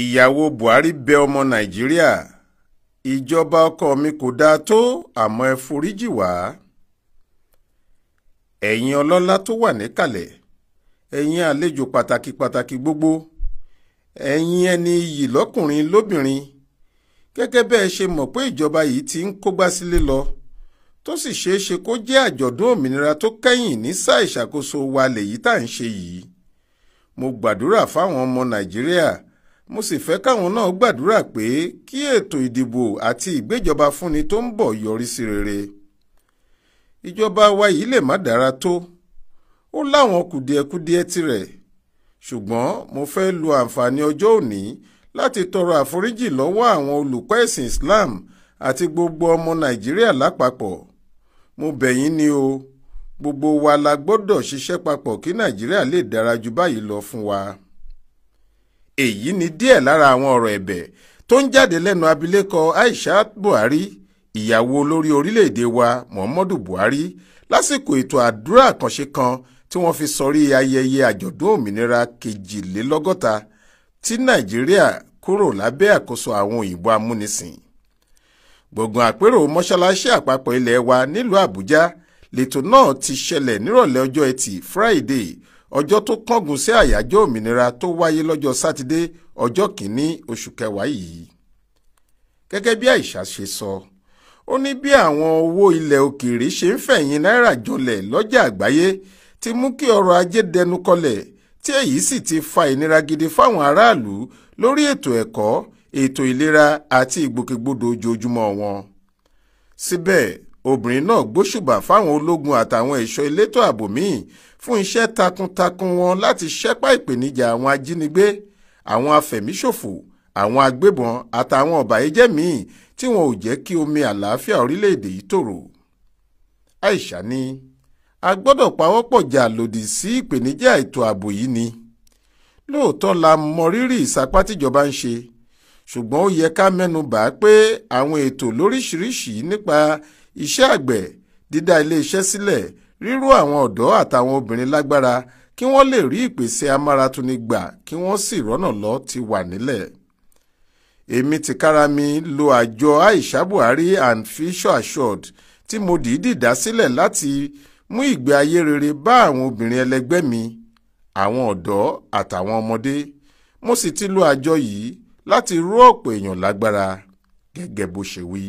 ìyàwó buhari bẹ ọmọ nàìjíríà ìjọba ọkọ mi kò dáa tó àmọ́ ẹ foríjì wá ẹ̀yin ọlọ́lá tó wà níkàlẹ̀ ẹ̀yin àlejò pàtàkì pàtàkì gbogbo ẹ̀yin ẹni iyì lọ́kùnrin lóbìnrin gẹ́gẹ́ bẹ́ẹ̀ ṣe mọ̀ pé ìjọba yìí ti ń kógbá sílé lọ tó sì ṣeé ṣe kó jẹ́ àjọ̀dún òmìnira tó kẹ́yìn ní sáà ìṣàkóso wa lèyí tá à ń ṣe yìí mo gbàdúrà fáwọn ọmọ nàìjíríà mo sì fẹ́ káwọn náà gbàdúrà pé kí ètò ìdìbò àti ìgbéjọba fúnni tó ń bọ̀ yọrí sí rere ìjọba wa yìí lè má dára tó ó láwọn kùdìẹ̀kudiẹ tirẹ̀ ṣùgbọ́n mo fẹ́ lo àǹfààní ọjọ́ òní láti tọrọ àforíjì lọ́wọ́ àwọn olùkọ́ ẹ̀sìn Islam àti gbogbo ọmọ Nàìjíríà lápapọ̀ mo bẹ̀ yín ni o gbogbo wa la gbọ́dọ̀ ṣiṣẹ́ papọ̀ kí Nàìjíríà lè dára ju báyìí lọ fún wa èyí ni díẹ̀ lára àwọn ọ̀rọ̀ ẹ̀bẹ̀ tó ń jáde lẹ́nu abilékọ Aishat Buhari ìyàwó olórí orílẹ̀-èdè wa Muhammadu Buhari lásìkò ètò àdúrà àkànṣe kan tí wọ́n fi sọrí ayẹyẹ àjọ̀dún òmìnira kejìlélọ́gọ́ta tí Nàìjíríà kúrò lábẹ́ àkóso àwọn òyìnbó amúnisìn gbọ̀ngàn àpérò mọ́ṣáláṣí àpapọ̀ ilẹ̀ wa nílùú Àbújá lẹ́tọ̀ náà ti ṣẹlẹ̀ nírọ̀lẹ́ ọjọ́ Ẹtì Friday ọjọ́ tó kángun sí àyájọ́ òmìnira tó wáyé lọ́jọ́ sátidé ọjọ́ kìíní oṣù kẹwàá yìí gẹ́gẹ́ bí Àìṣà ṣe sọ ó ní bí àwọn owó ilẹ̀ òkèèrè ṣe ń fẹ̀yìn náírà jọlẹ̀ lọ́jà àgbáyé ti mú kí ọrọ̀ ajé dẹnu kọlẹ̀ tí èyí sì ti fa ìnira gidi fáwọn aráàlú lórí ètò ẹ̀kọ́ ètò ìlera àti ìgbòkègbodò ojoojúmọ́ wọn síbẹ̀ obìnrin náà gbóṣùbà fáwọn ológun àtàwọn ẹ̀ṣọ́ elétò ààbò míì fún iṣẹ́ takuntakun wọn láti ṣẹ́pá ìpèníjà àwọn ajínigbé àwọn afẹ̀míṣòfò àwọn agbébọn àtàwọn ọ̀bàyéjẹ́ míì tí wọn ò jẹ́ kí omi àlàáfíà orílẹ̀-èdè yìí tòrò. Aisha ní a gbọ́dọ̀ pawọ́pọ̀ jà lòdì sí ìpèníjà ètò ààbò yìí ni lóòótọ́ la mọrírì ìsapá tíjọba ń ṣe ṣùgbọ́n ó yẹ ká mẹ́nu bà á pé àwọn ètò lóríṣiríṣi nípa iṣẹ́ àgbẹ̀ dídá iléeṣẹ́ sílẹ̀ ríró àwọn ọ̀dọ́ àtàwọn obìnrin lágbára kí wọ́n lè rí ìpèsè amáratuni gbà kí wọ́n sì rọ́nà lọ ti wà nílẹ̀ èmi tìkára mi lo àjọ Aisha Buhari and Future Assured tí mo dìídì dá sílẹ̀ láti mú ìgbé ayé rere bá àwọn obìnrin ẹlẹgbẹ́ mi àwọn ọ̀dọ́ àtàwọn ọmọdé mo sì ti lo àjọ yìí láti ró ọ̀pọ̀ èèyàn lágbára gẹ́gẹ́ bó ṣe wí.